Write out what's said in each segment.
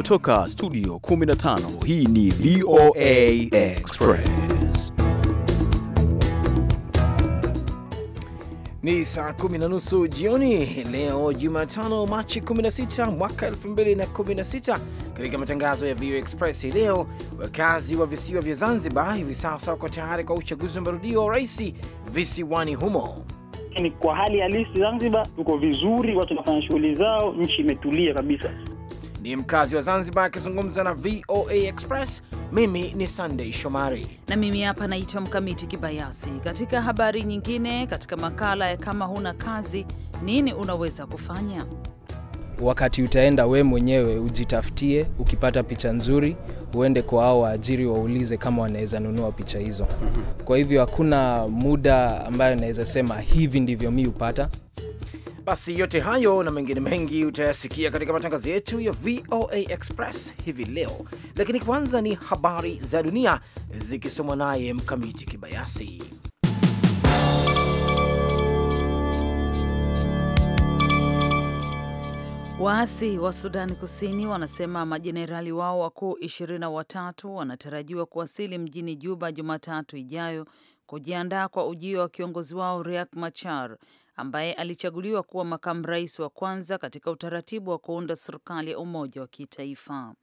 kutoka studio 15 hii ni VOA Express ni saa kumi na nusu jioni leo Jumatano, Machi 16 mwaka 2016. Katika matangazo ya VOA Express hii leo, wakazi wa visiwa vya Zanzibar hivi sasa wako tayari kwa uchaguzi wa marudio wa rais visiwani humo. Ni kwa hali halisi Zanzibar tuko vizuri, watu wanafanya shughuli zao, nchi imetulia kabisa ni mkazi wa Zanzibar akizungumza na VOA Express. Mimi ni sandey Shomari na mimi hapa naitwa Mkamiti Kibayasi. Katika habari nyingine, katika makala ya kama huna kazi nini unaweza kufanya, wakati utaenda we mwenyewe ujitafutie, ukipata picha nzuri uende kwa hao waajiri waulize kama wanaweza nunua picha hizo. Mhm. Kwa hivyo hakuna muda ambayo naweza sema hivi ndivyo mi hupata basi yote hayo na mengine mengi utayasikia katika matangazo yetu ya VOA Express hivi leo, lakini kwanza ni habari za dunia zikisomwa naye Mkamiti Kibayasi. Waasi wa Sudani Kusini wanasema majenerali wao wakuu ishirini na watatu wanatarajiwa kuwasili mjini Juba Jumatatu ijayo kujiandaa kwa ujio wa kiongozi wao Riek Machar ambaye alichaguliwa kuwa makamu rais wa kwanza katika utaratibu wa kuunda serikali ya umoja wa kitaifa.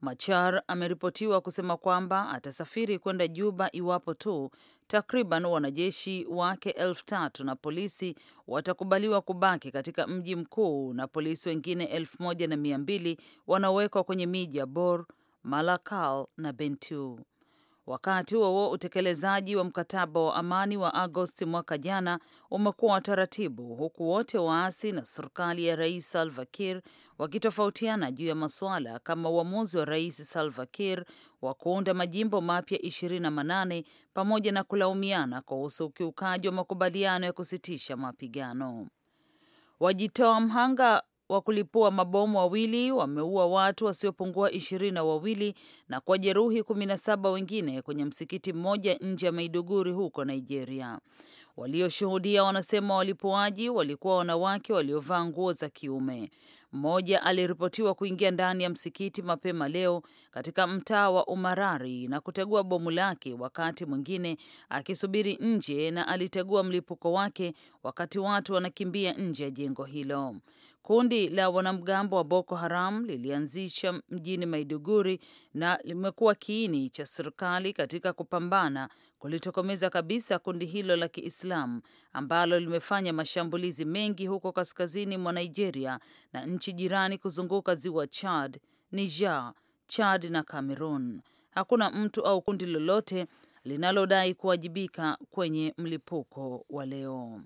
Machar ameripotiwa kusema kwamba atasafiri kwenda Juba iwapo tu takriban wanajeshi wake elfu tatu na polisi watakubaliwa kubaki katika mji mkuu na polisi wengine elfu moja na mia mbili wanaowekwa kwenye miji ya Bor, Malakal na Bentiu. Wakati huo huo, utekelezaji wa mkataba wa amani wa Agosti mwaka jana umekuwa wa taratibu, huku wote waasi na serikali ya Rais Salva Kiir wakitofautiana juu ya masuala kama uamuzi wa Rais Salva Kiir wa kuunda majimbo mapya 28 pamoja na kulaumiana kuhusu ukiukaji wa makubaliano ya kusitisha mapigano. Wajitoa mhanga wa kulipua mabomu wawili wameua watu wasiopungua ishirini na wawili na kuwajeruhi kumi na saba wengine kwenye msikiti mmoja nje ya Maiduguri huko Nigeria. Walioshuhudia wanasema walipuaji walikuwa wanawake waliovaa nguo za kiume. Mmoja aliripotiwa kuingia ndani ya msikiti mapema leo katika mtaa wa Umarari na kutegua bomu lake, wakati mwingine akisubiri nje na alitegua mlipuko wake wakati watu wanakimbia nje ya jengo hilo. Kundi la wanamgambo wa Boko Haram lilianzisha mjini Maiduguri na limekuwa kiini cha serikali katika kupambana kulitokomeza kabisa kundi hilo la Kiislamu ambalo limefanya mashambulizi mengi huko kaskazini mwa Nigeria na nchi jirani kuzunguka ziwa Chad, Niger, Chad na Cameroon. Hakuna mtu au kundi lolote linalodai kuwajibika kwenye mlipuko wa leo.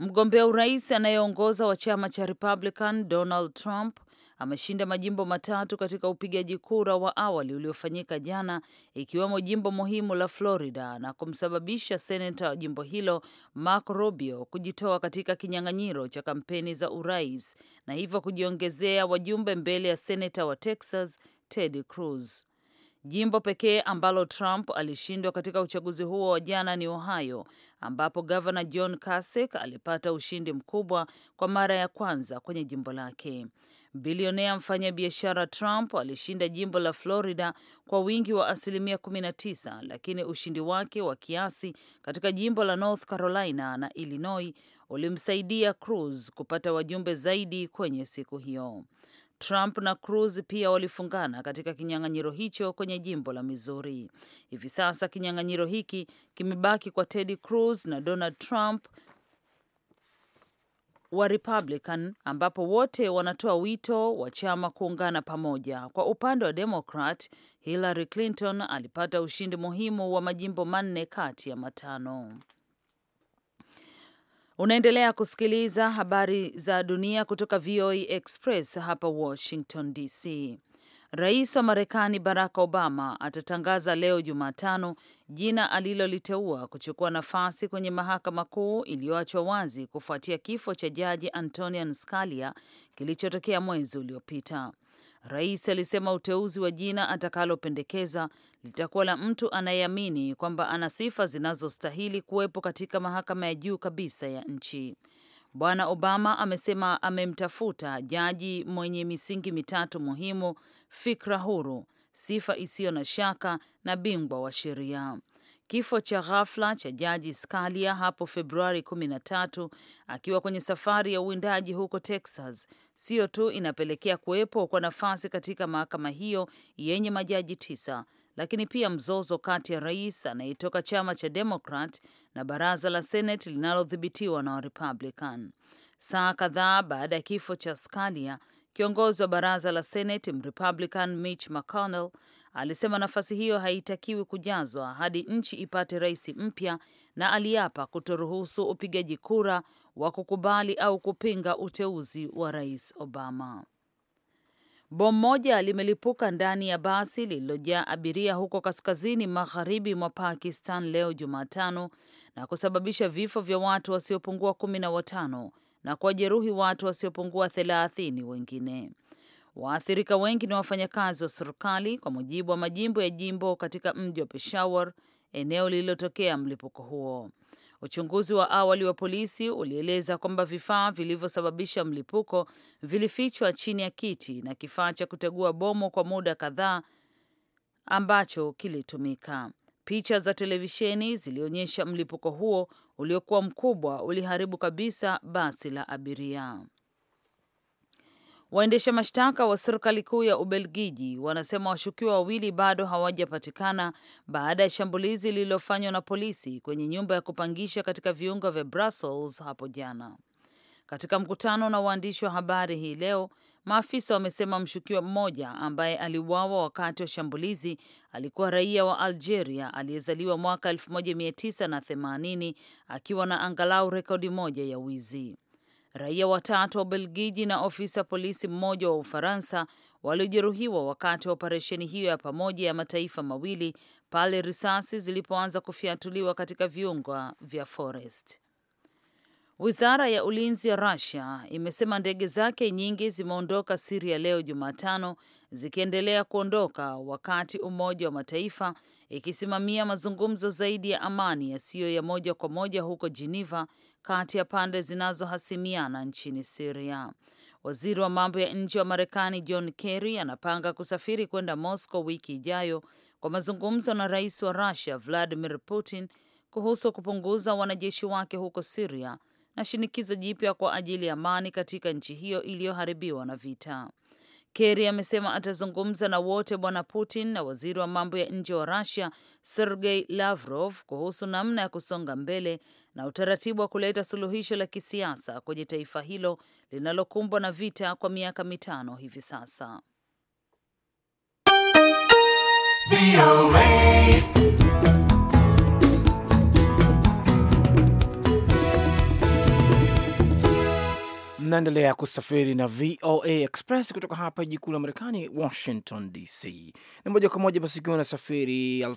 Mgombea urais anayeongoza wa chama cha Republican Donald Trump ameshinda majimbo matatu katika upigaji kura wa awali uliofanyika jana, ikiwemo jimbo muhimu la Florida na kumsababisha senata wa jimbo hilo Marco Rubio kujitoa katika kinyang'anyiro cha kampeni za urais na hivyo kujiongezea wajumbe mbele ya senata wa Texas Ted Cruz. Jimbo pekee ambalo Trump alishindwa katika uchaguzi huo wa jana ni Ohio, ambapo gavana John Kasich alipata ushindi mkubwa kwa mara ya kwanza kwenye jimbo lake. Bilionea mfanyabiashara Trump alishinda jimbo la Florida kwa wingi wa asilimia 19, lakini ushindi wake wa kiasi katika jimbo la North Carolina na Illinois ulimsaidia Cruz kupata wajumbe zaidi kwenye siku hiyo. Trump na Cruz pia walifungana katika kinyang'anyiro hicho kwenye jimbo la Missouri. Hivi sasa kinyang'anyiro hiki kimebaki kwa Ted Cruz na Donald Trump wa Republican ambapo wote wanatoa wito wa chama kuungana pamoja. Kwa upande wa Democrat, Hillary Clinton alipata ushindi muhimu wa majimbo manne kati ya matano. Unaendelea kusikiliza habari za dunia kutoka VOA e Express hapa Washington DC. Rais wa Marekani Barack Obama atatangaza leo Jumatano jina aliloliteua kuchukua nafasi kwenye mahakama kuu iliyoachwa wazi kufuatia kifo cha jaji Antonin Scalia kilichotokea mwezi uliopita. Rais alisema uteuzi wa jina atakalopendekeza litakuwa la mtu anayeamini kwamba ana sifa zinazostahili kuwepo katika mahakama ya juu kabisa ya nchi. Bwana Obama amesema amemtafuta jaji mwenye misingi mitatu muhimu: fikra huru, sifa isiyo na shaka na bingwa wa sheria. Kifo cha ghafla cha jaji Scalia hapo Februari 13 akiwa kwenye safari ya uwindaji huko Texas sio tu inapelekea kuwepo kwa nafasi katika mahakama hiyo yenye majaji tisa, lakini pia mzozo kati ya rais anayetoka chama cha demokrat na baraza la Senate linalodhibitiwa na Warepublican. Saa kadhaa baada ya kifo cha Scalia, kiongozi wa baraza la Senate Mrepublican Mitch McConnell alisema nafasi hiyo haitakiwi kujazwa hadi nchi ipate rais mpya, na aliapa kutoruhusu upigaji kura wa kukubali au kupinga uteuzi wa rais Obama. Bomu moja limelipuka ndani ya basi lililojaa abiria huko kaskazini magharibi mwa Pakistan leo Jumatano na kusababisha vifo vya watu wasiopungua kumi na watano na kuwajeruhi watu wasiopungua thelathini wengine. Waathirika wengi ni wafanyakazi wa serikali, kwa mujibu wa majimbo ya jimbo katika mji wa Peshawar, eneo lililotokea mlipuko huo. Uchunguzi wa awali wa polisi ulieleza kwamba vifaa vilivyosababisha mlipuko vilifichwa chini ya kiti na kifaa cha kutegua bomu kwa muda kadhaa ambacho kilitumika. Picha za televisheni zilionyesha mlipuko huo uliokuwa mkubwa uliharibu kabisa basi la abiria. Waendesha mashtaka wa serikali kuu ya Ubelgiji wanasema washukiwa wawili bado hawajapatikana baada ya shambulizi lililofanywa na polisi kwenye nyumba ya kupangisha katika viunga vya Brussels hapo jana. Katika mkutano na waandishi wa habari hii leo, maafisa wamesema mshukiwa mmoja ambaye aliuawa wakati wa shambulizi alikuwa raia wa Algeria aliyezaliwa mwaka 1980 akiwa na angalau rekodi moja ya wizi. Raia watatu wa belgiji na ofisa polisi mmoja wa Ufaransa waliojeruhiwa wakati wa operesheni hiyo ya pamoja ya mataifa mawili pale risasi zilipoanza kufyatuliwa katika viunga vya Forest. Wizara ya ulinzi ya Russia imesema ndege zake nyingi zimeondoka Siria leo Jumatano, zikiendelea kuondoka wakati Umoja wa Mataifa ikisimamia mazungumzo zaidi ya amani yasiyo ya moja kwa moja huko Geneva kati ya pande zinazohasimiana nchini Siria. Waziri wa mambo ya nje wa Marekani John Kerry anapanga kusafiri kwenda Moscow wiki ijayo kwa mazungumzo na rais wa Russia Vladimir Putin kuhusu kupunguza wanajeshi wake huko Siria na shinikizo jipya kwa ajili ya amani katika nchi hiyo iliyoharibiwa na vita. Kerry amesema atazungumza na wote Bwana Putin na waziri wa mambo ya nje wa rasia Sergei Lavrov kuhusu namna ya kusonga mbele na utaratibu wa kuleta suluhisho la kisiasa kwenye taifa hilo linalokumbwa na vita kwa miaka mitano hivi sasa. Mnaendelea kusafiri na VOA Express kutoka hapa jiji kuu la Marekani, Washington DC, na moja kwa moja basi, ukiwa unasafiri eh,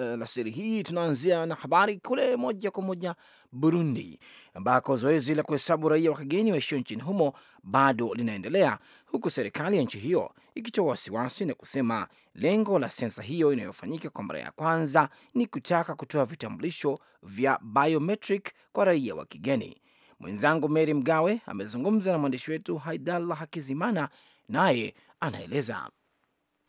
alasiri uh, hii tunaanzia na habari kule moja kwa moja Burundi, ambako zoezi la kuhesabu raia wa kigeni waishio nchini humo bado linaendelea, huku serikali ya nchi hiyo ikitoa wasiwasi na kusema lengo la sensa hiyo inayofanyika kwa mara ya kwanza ni kutaka kutoa vitambulisho vya biometric kwa raia wa kigeni. Mwenzangu Mary Mgawe amezungumza na mwandishi wetu Haidallah Hakizimana, naye anaeleza.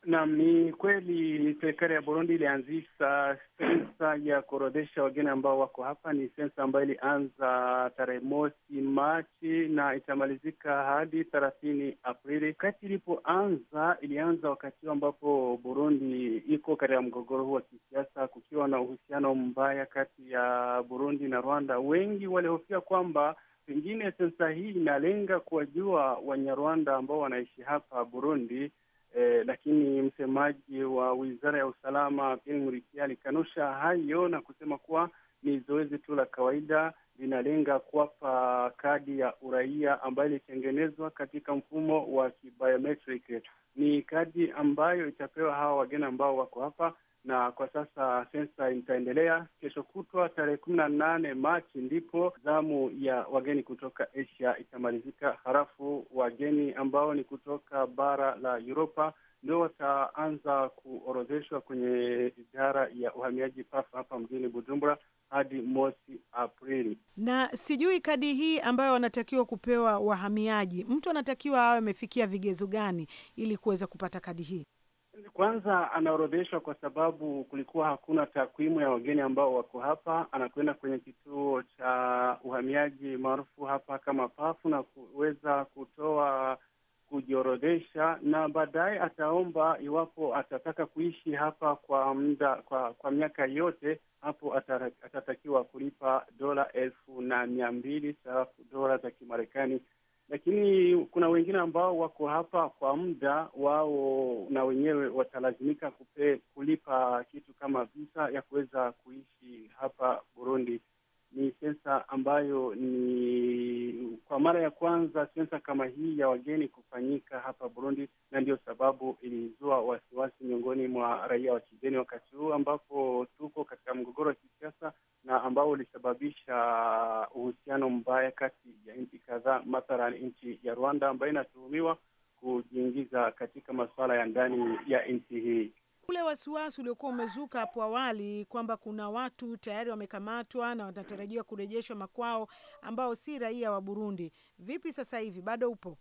Naam, ni kweli serikali ya Burundi ilianzisha sensa ya kuorodhesha wageni ambao wako hapa. Ni sensa ambayo ilianza tarehe mosi Machi na itamalizika hadi thelathini Aprili. Wakati ilipoanza, ilianza wakati huu ambapo Burundi iko katika mgogoro huu wa kisiasa, kukiwa na uhusiano mbaya kati ya Burundi na Rwanda. Wengi walihofia kwamba pengine sensa hii inalenga kuwajua Wanyarwanda ambao wanaishi hapa Burundi eh, lakini msemaji wa wizara ya usalama Bin Murikia alikanusha hayo na kusema kuwa ni zoezi tu la kawaida linalenga kuwapa kadi ya uraia ambayo ilitengenezwa katika mfumo wa kibiometric. Ni kadi ambayo itapewa hawa wageni ambao wako hapa na kwa sasa sensa itaendelea kesho kutwa tarehe kumi na nane Machi ndipo zamu ya wageni kutoka Asia itamalizika, halafu wageni ambao ni kutoka bara la Uropa ndio wataanza kuorodheshwa kwenye idara ya uhamiaji pafa hapa mjini Bujumbura hadi mosi Aprili. Na sijui kadi hii ambayo wanatakiwa kupewa wahamiaji, mtu anatakiwa awe amefikia vigezo gani ili kuweza kupata kadi hii? kwanza anaorodheshwa kwa sababu kulikuwa hakuna takwimu ya wageni ambao wako hapa. Anakwenda kwenye kituo cha uhamiaji maarufu hapa kama pafu na kuweza kutoa kujiorodhesha, na baadaye ataomba iwapo atataka kuishi hapa kwa muda kwa, kwa miaka yote, hapo atatakiwa kulipa dola elfu na mia mbili sarafu dola za Kimarekani lakini kuna wengine ambao wako hapa kwa muda wao, na wenyewe watalazimika kupe, kulipa kitu kama visa ya kuweza kuishi hapa Burundi ni sensa ambayo ni kwa mara ya kwanza sensa kama hii ya wageni kufanyika hapa Burundi, na ndiyo sababu ilizua wasiwasi miongoni mwa raia wa kigeni wakati huu ambapo tuko katika mgogoro wa kisiasa na ambao ulisababisha uhusiano mbaya kati ya nchi kadhaa, mathalan nchi ya Rwanda ambayo inatuhumiwa kujiingiza katika masuala ya ndani ya nchi hii. Ule wasiwasi uliokuwa umezuka hapo awali kwamba kuna watu tayari wamekamatwa na wanatarajiwa kurejeshwa makwao ambao si raia wa Burundi, vipi sasa hivi, bado upo?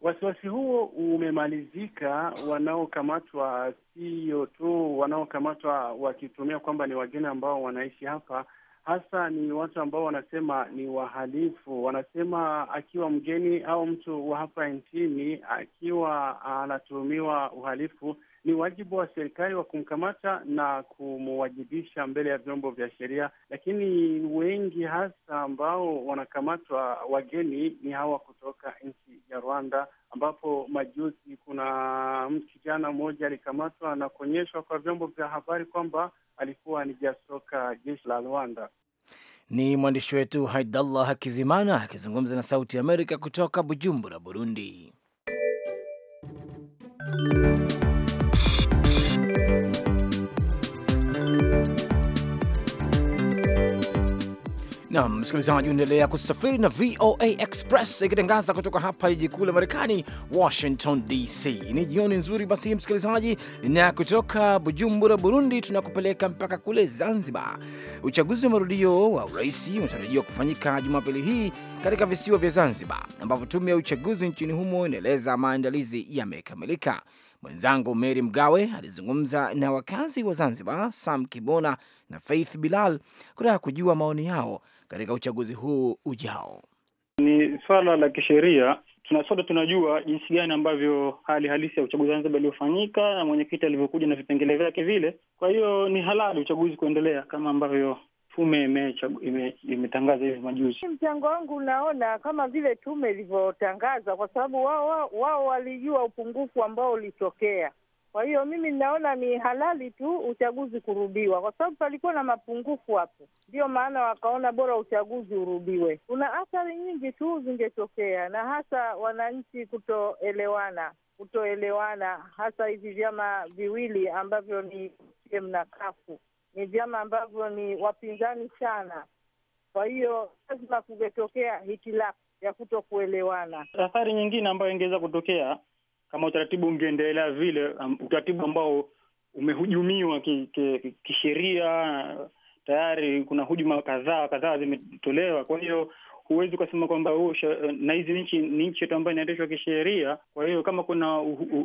Wasiwasi huo umemalizika. Wanaokamatwa sio tu wanaokamatwa wakitumia kwamba ni wageni ambao wanaishi hapa, hasa ni watu ambao wanasema ni wahalifu. Wanasema akiwa mgeni au mtu wa hapa nchini akiwa anatuhumiwa uhalifu ni wajibu wa serikali wa kumkamata na kumwajibisha mbele ya vyombo vya sheria, lakini wengi hasa ambao wanakamatwa wageni ni hawa kutoka nchi ya Rwanda, ambapo majuzi kuna kijana mmoja alikamatwa na kuonyeshwa kwa vyombo vya habari kwamba alikuwa ni jaji jeshi la Rwanda. Ni mwandishi wetu Haidallah Hakizimana akizungumza na Sauti Amerika kutoka Bujumbura, Burundi na msikilizaji, unaendelea kusafiri na VOA Express ikitangaza kutoka hapa jiji kuu la Marekani, Washington DC. Ni jioni nzuri basi, msikilizaji, na kutoka Bujumbura, Burundi, tunakupeleka mpaka kule Zanzibar. Uchaguzi wa marudio wa urais unatarajiwa kufanyika Jumapili hii katika visiwa vya Zanzibar, ambapo tume ya uchaguzi nchini humo inaeleza maandalizi yamekamilika. Mwenzangu Meri Mgawe alizungumza na wakazi wa Zanzibar, Sam Kibona na Faith Bilal, kutaka kujua maoni yao katika uchaguzi huu ujao. Ni swala la kisheria sote tunajua jinsi gani ambavyo hali halisi ya uchaguzi wa Zanzibar iliyofanyika na mwenyekiti alivyokuja na vipengele vyake vile. Kwa hiyo ni halali uchaguzi kuendelea kama ambavyo tume imetangaza hivi majuzi. Mchango wangu unaona kama vile tume ilivyotangaza, kwa sababu wao wao walijua upungufu ambao ulitokea. Kwa hiyo mimi ninaona ni halali tu uchaguzi kurudiwa, kwa sababu palikuwa na mapungufu hapo, ndiyo maana wakaona bora uchaguzi urudiwe. Kuna athari nyingi tu zingetokea, na hasa wananchi kutoelewana, kutoelewana hasa hivi vyama viwili ambavyo ni CCM na kafu ni vyama ambavyo ni wapinzani sana. Kwa hiyo lazima kungetokea hitilafu ya kuto kuelewana. Athari nyingine ambayo ingeweza kutokea kama utaratibu ungeendelea vile, um, utaratibu ambao umehujumiwa kisheria ki, ki, tayari kuna hujuma kadhaa kadhaa zimetolewa. Kwa hiyo huwezi ukasema kwamba eh, na hizi nchi ni nchi yetu ambayo inaendeshwa kisheria. Kwa hiyo kama kuna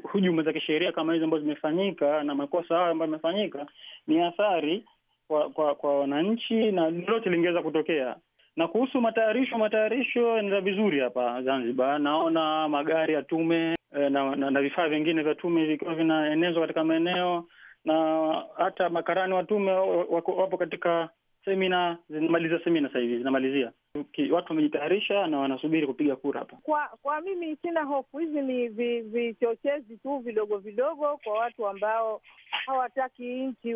hujuma za kisheria kama hizo ambazo zimefanyika na makosa hayo ambayo yamefanyika, ni athari kwa kwa kwa wananchi na lolote lingeweza kutokea. Na kuhusu matayarisho, matayarisho yanaenda vizuri hapa Zanzibar. Naona magari ya tume eh, na, na, na vifaa vingine vya tume vikiwa vinaenezwa katika maeneo na hata makarani wa tume wapo katika semina, zinamaliza semina sasa hivi, zinamalizia Okay, watu wamejitayarisha na wanasubiri kupiga kura hapa. Kwa kwa mimi sina hofu, hizi ni vichochezi vi tu vidogo vidogo kwa watu ambao hawataki nchi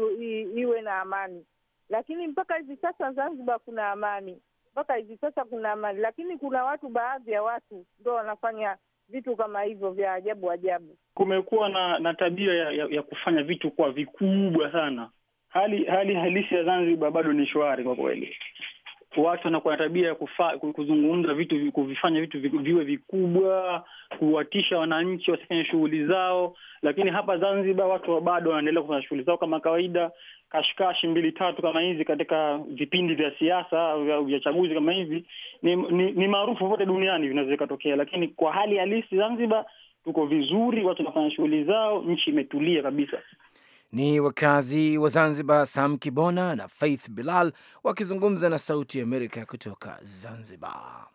iwe na amani, lakini mpaka hivi sasa Zanzibar kuna amani, mpaka hivi sasa kuna amani, lakini kuna watu, baadhi ya watu ndo wanafanya vitu kama hivyo vya ajabu ajabu. Kumekuwa na na tabia ya, ya, ya kufanya vitu kwa vikubwa sana. Hali hali halisi ya Zanzibar bado ni shwari kwa kweli watu wanakuwa na tabia ya kuzungumza vitu, kuvifanya vitu viwe vikubwa, kuwatisha wananchi wasifanye shughuli zao. Lakini hapa Zanzibar watu bado wanaendelea kufanya shughuli zao kama kawaida, kashikashi mbili tatu kama hizi katika vipindi vya siasa vya chaguzi kama hivi, ni, ni, ni maarufu popote duniani, vinaweza vikatokea. Lakini kwa hali halisi Zanzibar tuko vizuri, watu wanafanya shughuli zao, nchi imetulia kabisa. Ni wakazi wa Zanzibar, Sam Kibona na Faith Bilal wakizungumza na Sauti ya Amerika kutoka Zanzibar.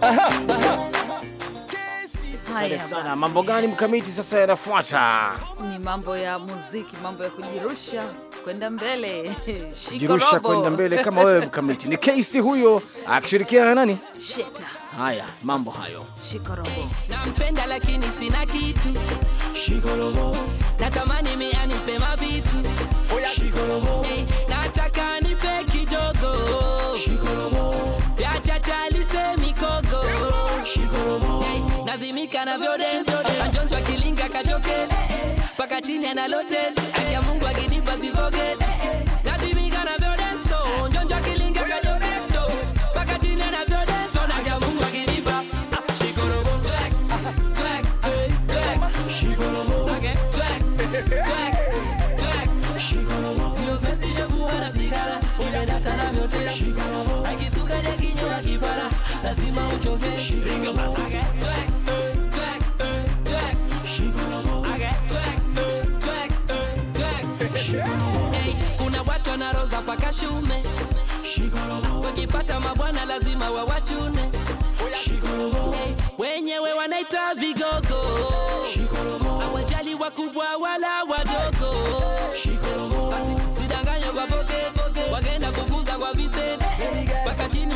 Aha, aha. sana. Mambo gani mkamiti sasa yanafuata? Ni mambo ya muziki, mambo ya kujirusha kwenda mbele jirusha kwenda mbele kama wewe mkamiti. Ni kesi huyo akishirikiana nani? Sheta. Haya, mambo hayo. Shikorobo. Nampenda lakini sina kitu. Shikorobo natamani mianipe mavitu nataka nipe kidogo yachachalise mikogo hey, nazimika navyodenso kilinga kajoke mpaka chini analotete lazima uchoge. kuna watu wanaroza paka shume. Wakipata mabwana lazima wawachune. She gonna wenyewe wanaita vigogo. She wakubwa wala wadogo. She kwa poke poke. Wagenda kwa vitendo. Mpaka chini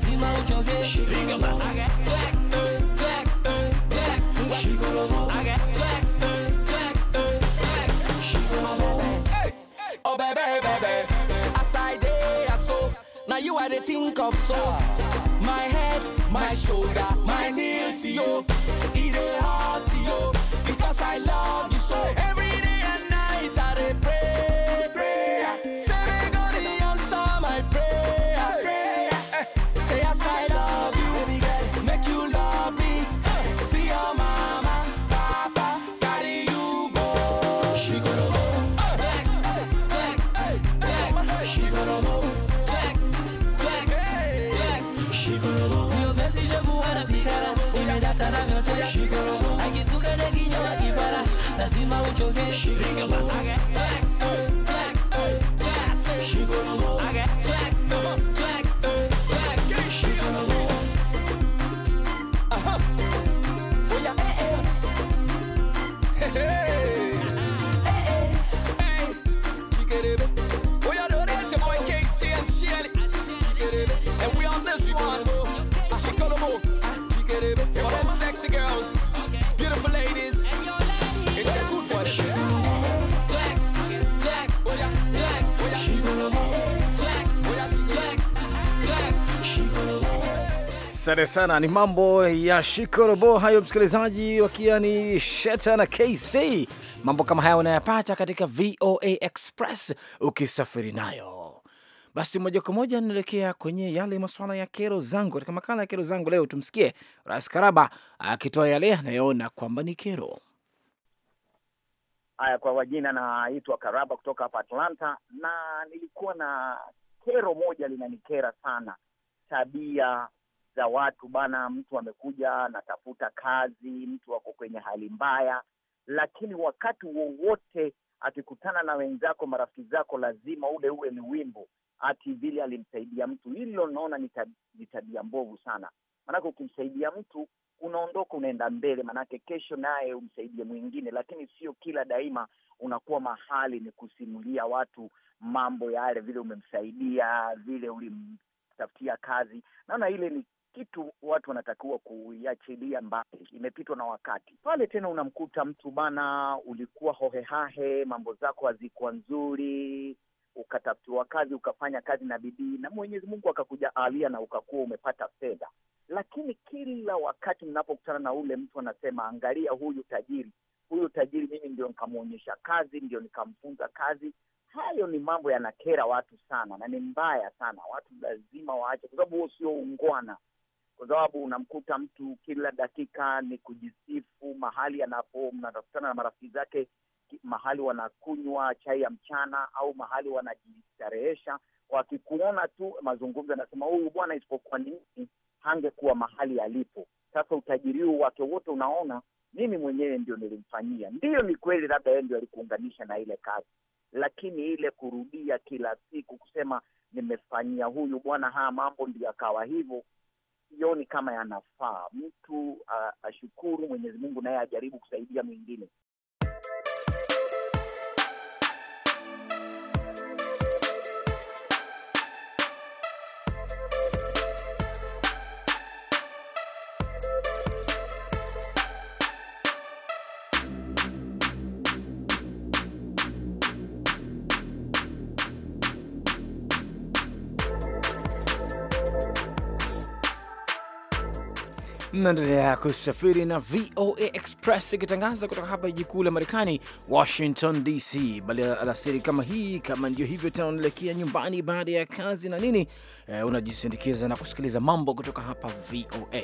si małczowie Śliga mas Jack, Jack, Jack Sikolomo Jack, Jack, Jack Sikolomo Oh baby, baby As I did, I saw Now you are the think of so My head, my shoulder, my knees, yo It is hard, yo Because I love you so Every day kuwa nasikara nimedata na vyote, hakisukale kinywa kipara, lazima uchoke. Asante sana, ni mambo ya shikorobo hayo, msikilizaji, wakiwa ni Sheta na KC. Mambo kama haya unayapata katika VOA Express ukisafiri nayo. Basi moja kwa moja naelekea kwenye yale masuala ya kero zangu. Katika makala ya kero zangu leo tumsikie Ras Karaba akitoa yale anayoona kwamba ni kero. Haya, kwa wajina naitwa Karaba kutoka hapa Atlanta, na nilikuwa na kero moja linanikera sana, tabia za watu bana, mtu amekuja anatafuta kazi, mtu ako kwenye hali mbaya, lakini wakati wowote akikutana na wenzako, marafiki zako, lazima ule uwe ni wimbo ati vile alimsaidia mtu. Hilo naona ni tabia mbovu sana, maanake ukimsaidia mtu unaondoka unaenda mbele, maanake kesho naye umsaidie mwingine, lakini sio kila daima unakuwa mahali ni kusimulia watu mambo yale, vile umemsaidia, vile ulimtafutia kazi. Naona ile ni kitu watu wanatakiwa kuiachilia mbali, imepitwa na wakati. Pale tena unamkuta mtu bana, ulikuwa hohehahe, mambo zako hazikuwa nzuri, ukatafutiwa kazi, ukafanya kazi na bidii, na Mwenyezi Mungu alia na ukakuwa umepata fedha. Lakini kila wakati mnapokutana na ule mtu anasema, angalia huyu tajiri, huyu tajiri, mimi ndio nikamwonyesha kazi, ndio nikamfunza kazi. Hayo ni mambo yanakera watu sana na ni mbaya sana. Watu lazima waache, kwa sababu huo sio ungwana kwa sababu unamkuta mtu kila dakika ni kujisifu mahali anapo, mnatafutana na marafiki zake mahali wanakunywa chai ya mchana au mahali wanajistarehesha. Wakikuona tu mazungumzo, anasema huyu bwana, isipokuwa nini hangekuwa mahali alipo. Sasa utajiri huu wake wote unaona, mimi mwenyewe ndio nilimfanyia. Ndiyo, ni kweli, labda yeye ndio alikuunganisha na ile kazi, lakini ile kurudia kila siku kusema nimefanyia huyu bwana haya mambo, ndio akawa hivyo sioni kama yanafaa. Mtu uh, ashukuru Mwenyezi Mungu naye ajaribu kusaidia mwingine. Mnaendelea kusafiri na VOA Express ikitangaza kutoka hapa jiji kuu la Marekani, Washington DC. Bali alasiri kama hii, kama ndio hivyo tena, unaelekea nyumbani baada ya kazi na nini, eh, unajisindikiza na kusikiliza mambo kutoka hapa VOA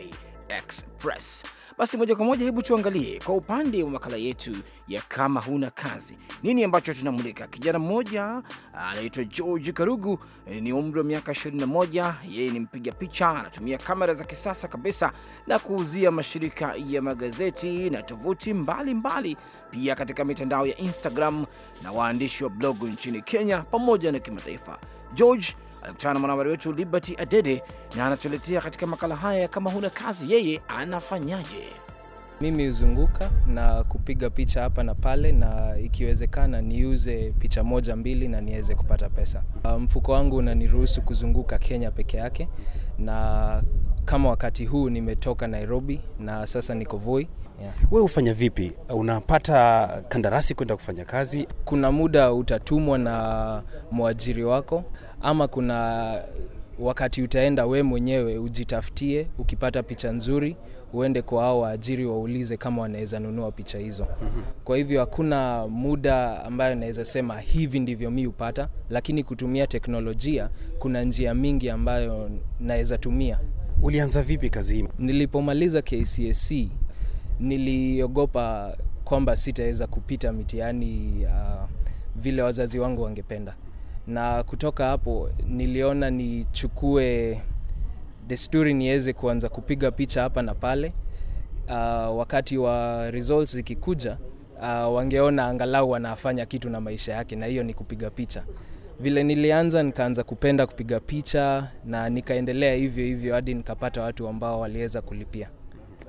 Express. Basi moja kwa moja, hebu tuangalie kwa upande wa makala yetu ya kama huna kazi, nini ambacho tunamulika. Kijana mmoja ah, anaitwa George Karugu, eh, ni umri wa miaka 21. Yeye ni mpiga picha, anatumia kamera za kisasa kabisa na kuuzia mashirika ya magazeti na tovuti mbalimbali, pia katika mitandao ya Instagram na waandishi wa blogu nchini Kenya pamoja na kimataifa. George alikutana na mwanahabari wetu Liberty Adede na anatuletea katika makala haya ya kama huna kazi, yeye anafanyaje. Mimi huzunguka na kupiga picha hapa na pale, na ikiwezekana niuze picha moja mbili na niweze kupata pesa. Ah, mfuko wangu unaniruhusu kuzunguka Kenya peke yake, na kama wakati huu nimetoka Nairobi na sasa niko Voi. Yeah. Wewe hufanya vipi? Unapata kandarasi kwenda kufanya kazi? Kuna muda utatumwa na mwajiri wako, ama kuna wakati utaenda we mwenyewe ujitafutie, ukipata picha nzuri uende kwa hao waajiri waulize kama wanaweza nunua picha hizo. Mhm. Kwa hivyo hakuna muda ambayo naweza sema hivi ndivyo mi hupata, lakini kutumia teknolojia kuna njia mingi ambayo naweza tumia. Ulianza vipi kazi hii? Nilipomaliza kcsc e, niliogopa kwamba sitaweza kupita mitihani uh, vile wazazi wangu wangependa na kutoka hapo niliona nichukue desturi niweze kuanza kupiga picha hapa na pale uh, wakati wa results zikikuja uh, wangeona angalau wanafanya kitu na maisha yake na hiyo ni kupiga picha vile nilianza nikaanza kupenda kupiga picha na nikaendelea hivyo hivyo hadi nikapata watu ambao waliweza kulipia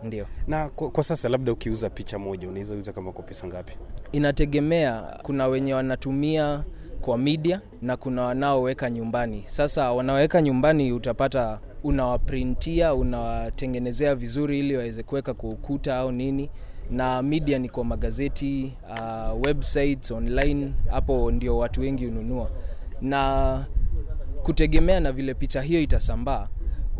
ndio na kwa, kwa sasa labda ukiuza picha moja unaweza uza kama kwa pesa ngapi inategemea kuna wenye wanatumia kwa media na kuna wanaoweka nyumbani. Sasa wanaoweka nyumbani utapata unawaprintia, unawatengenezea vizuri ili waweze kuweka kwa ukuta au nini, na media ni kwa magazeti, uh, websites online, hapo ndio watu wengi hununua na kutegemea na vile picha hiyo itasambaa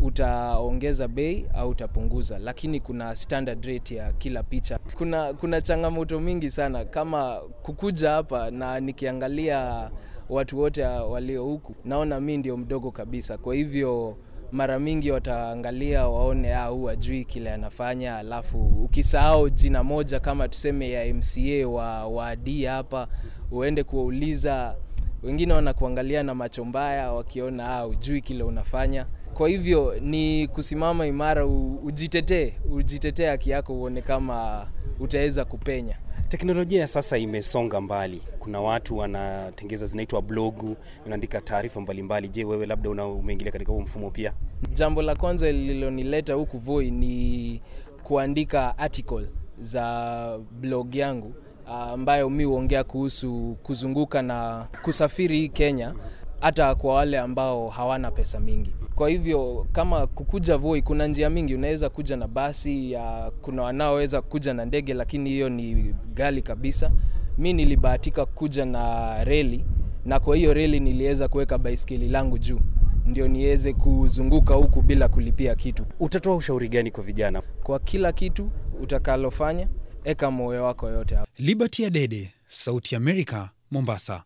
utaongeza bei au utapunguza, lakini kuna standard rate ya kila picha. Kuna, kuna changamoto mingi sana kama kukuja hapa na nikiangalia watu wote walio huku naona mi ndio mdogo kabisa, kwa hivyo mara mingi wataangalia waone au ah, ajui kile anafanya, alafu ukisahau jina moja kama tuseme ya MCA wa waadi hapa, uende kuwauliza, wengine wanakuangalia na macho mbaya, wakiona ah, ujui kile unafanya. Kwa hivyo ni kusimama imara, ujitetee, ujitetee haki yako, uone kama utaweza kupenya. Teknolojia sasa imesonga mbali. Kuna watu wanatengeza zinaitwa blogu, unaandika taarifa mbalimbali. Je, wewe labda umeingilia katika huo mfumo pia? Jambo la kwanza lililonileta huku Voi ni kuandika article za blog yangu ambayo mi huongea kuhusu kuzunguka na kusafiri Kenya, hata kwa wale ambao hawana pesa mingi. Kwa hivyo kama kukuja Voi kuna njia mingi, unaweza kuja na basi ya, kuna wanaoweza kuja na ndege, lakini hiyo ni gali kabisa. Mi nilibahatika kuja na reli, na kwa hiyo reli niliweza kuweka baiskeli langu juu ndio niweze kuzunguka huku bila kulipia kitu. Utatoa ushauri gani kwa vijana? Kwa kila kitu utakalofanya, eka moyo wako yote hapo. Liberty Adede, Sauti Dunia ina Mombasa.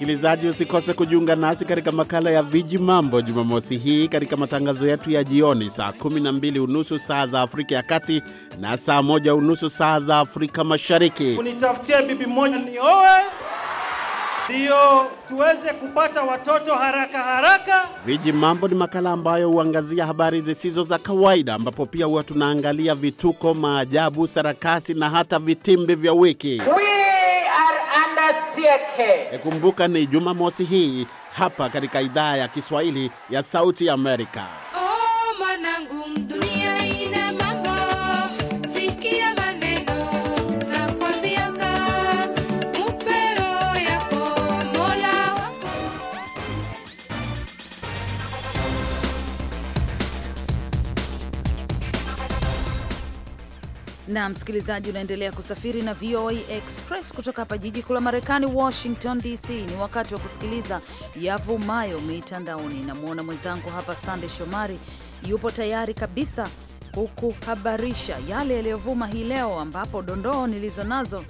Msikilizaji, usikose kujiunga nasi katika makala ya Viji Mambo Jumamosi hii katika matangazo yetu ya jioni saa 12 unusu saa za Afrika ya Kati na saa moja unusu saa za Afrika Mashariki. Unitafutie bibi moja nioe ndiyo tuweze kupata watoto haraka haraka. Viji Mambo ni makala ambayo huangazia habari zisizo za kawaida, ambapo pia huwa tunaangalia vituko, maajabu, sarakasi na hata vitimbi vya wiki yake. Kumbuka ni Jumamosi hii hapa katika idhaa ya Kiswahili ya Sauti Amerika. na msikilizaji, unaendelea kusafiri na VOA Express kutoka hapa jiji kuu la Marekani, Washington DC. Ni wakati wa kusikiliza yavumayo mitandaoni. Namwona mwenzangu hapa Sande Shomari yupo tayari kabisa kukuhabarisha yale yaliyovuma hii leo, ambapo dondoo nilizo nazo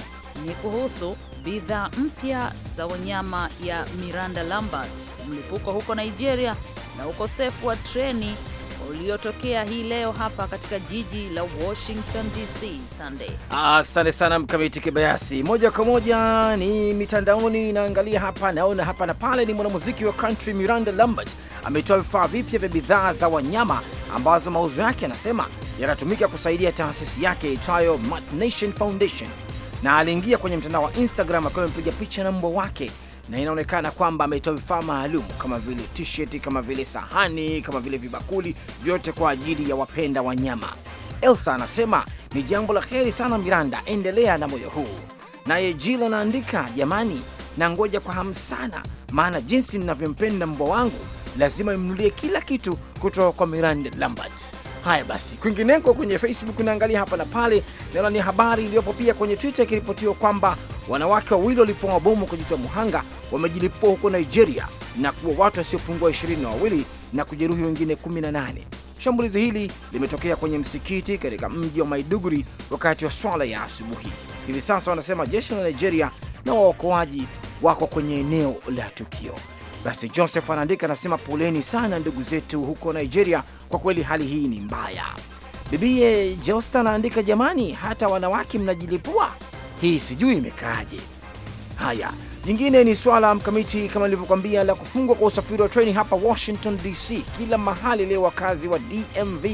ni kuhusu bidhaa mpya za wanyama ya Miranda Lambert, mlipuko huko Nigeria na ukosefu wa treni uliotokea hii leo hapa katika jiji la Washington DC. Sunday, asante sana Mkamiti Kibayasi. Moja kwa moja ni mitandaoni, inaangalia hapa, naona hapa na pale. Ni mwanamuziki wa country Miranda Lambert ametoa vifaa vipya vya bidhaa za wanyama ambazo mauzo yake anasema yanatumika kusaidia taasisi yake itwayo Nation Foundation, na aliingia kwenye mtandao wa Instagram akiwa amepiga picha na mbwa wake na inaonekana kwamba ametoa vifaa maalum kama vile tisheti, kama vile sahani, kama vile vibakuli, vyote kwa ajili ya wapenda wanyama. Elsa anasema ni jambo la heri sana Miranda, endelea na moyo huu. Naye Jil anaandika, jamani, na ngoja kwa hamu sana, maana jinsi ninavyompenda mbwa wangu lazima imnulie kila kitu kutoka kwa Miranda Lambert. Haya basi, kwingineko kwenye Facebook naangalia hapa na pale, naona ni habari iliyopo pia kwenye Twitter ikiripotiwa kwamba wanawake wawili walipoa bomu kujitoa muhanga wamejilipua huko Nigeria na kuwa watu wasiopungua ishirini na wawili na kujeruhi wengine 18. Shambulizi hili limetokea kwenye msikiti katika mji wa Maiduguri wakati wa swala ya asubuhi. Hivi sasa wanasema jeshi la Nigeria na waokoaji wako kwenye eneo la tukio. Basi Joseph anaandika anasema, poleni sana ndugu zetu huko Nigeria, kwa kweli hali hii ni mbaya. Bibie Josta anaandika, jamani, hata wanawake mnajilipua, hii sijui imekaaje. Haya, jingine ni swala mkamiti, kama nilivyokwambia, la kufungwa kwa usafiri wa treni hapa Washington DC. Kila mahali leo wakazi wa DMV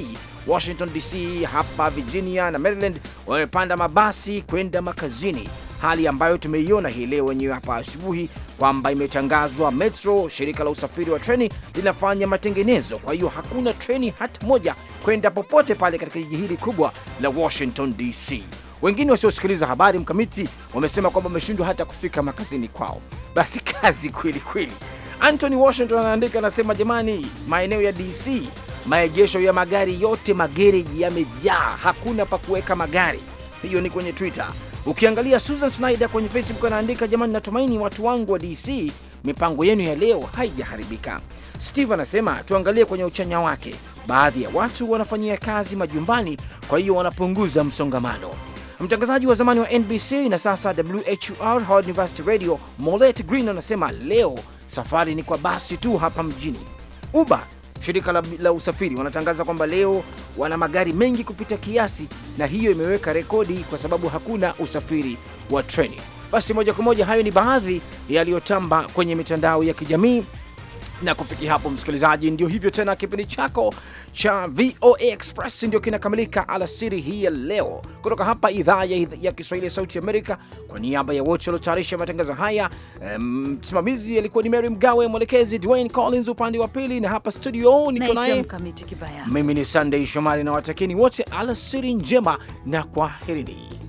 Washington DC, hapa Virginia na Maryland wamepanda mabasi kwenda makazini hali ambayo tumeiona hii leo wenyewe hapa asubuhi kwamba imetangazwa Metro, shirika la usafiri wa treni linafanya matengenezo. Kwa hiyo hakuna treni hata moja kwenda popote pale katika jiji hili kubwa la Washington DC. Wengine wasiosikiliza habari mkamiti wamesema kwamba wameshindwa hata kufika makazini kwao. Basi kazi kweli kweli. Anthony Washington anaandika anasema, jamani, maeneo ya DC maegesho ya magari yote magereji yamejaa, hakuna pa kuweka magari. Hiyo ni kwenye Twitter. Ukiangalia Susan Snyder kwenye Facebook anaandika, jamani, natumaini watu wangu wa DC mipango yenu ya leo haijaharibika. Steve anasema tuangalie kwenye uchanya wake, baadhi ya watu wanafanyia kazi majumbani, kwa hiyo wanapunguza msongamano. Mtangazaji wa zamani wa NBC na sasa WHUR Howard University Radio Molet Green anasema leo safari ni kwa basi tu hapa mjini. Uba shirika la, la usafiri wanatangaza kwamba leo wana magari mengi kupita kiasi, na hiyo imeweka rekodi kwa sababu hakuna usafiri wa treni. Basi moja kwa moja, hayo ni baadhi yaliyotamba kwenye mitandao ya kijamii na kufikia hapo, msikilizaji, ndio hivyo tena, kipindi chako cha VOA Express ndio kinakamilika alasiri hii ya leo, kutoka hapa idhaa ya, ya Kiswahili ya Sauti Amerika. Kwa niaba ya wote waliotayarisha matangazo haya, msimamizi um, alikuwa ni Mary Mgawe, mwelekezi Dwayne Collins upande wa pili, na hapa studio niko naye mimi ni Sunday Shomari, na watakieni wote alasiri njema na kwaherini.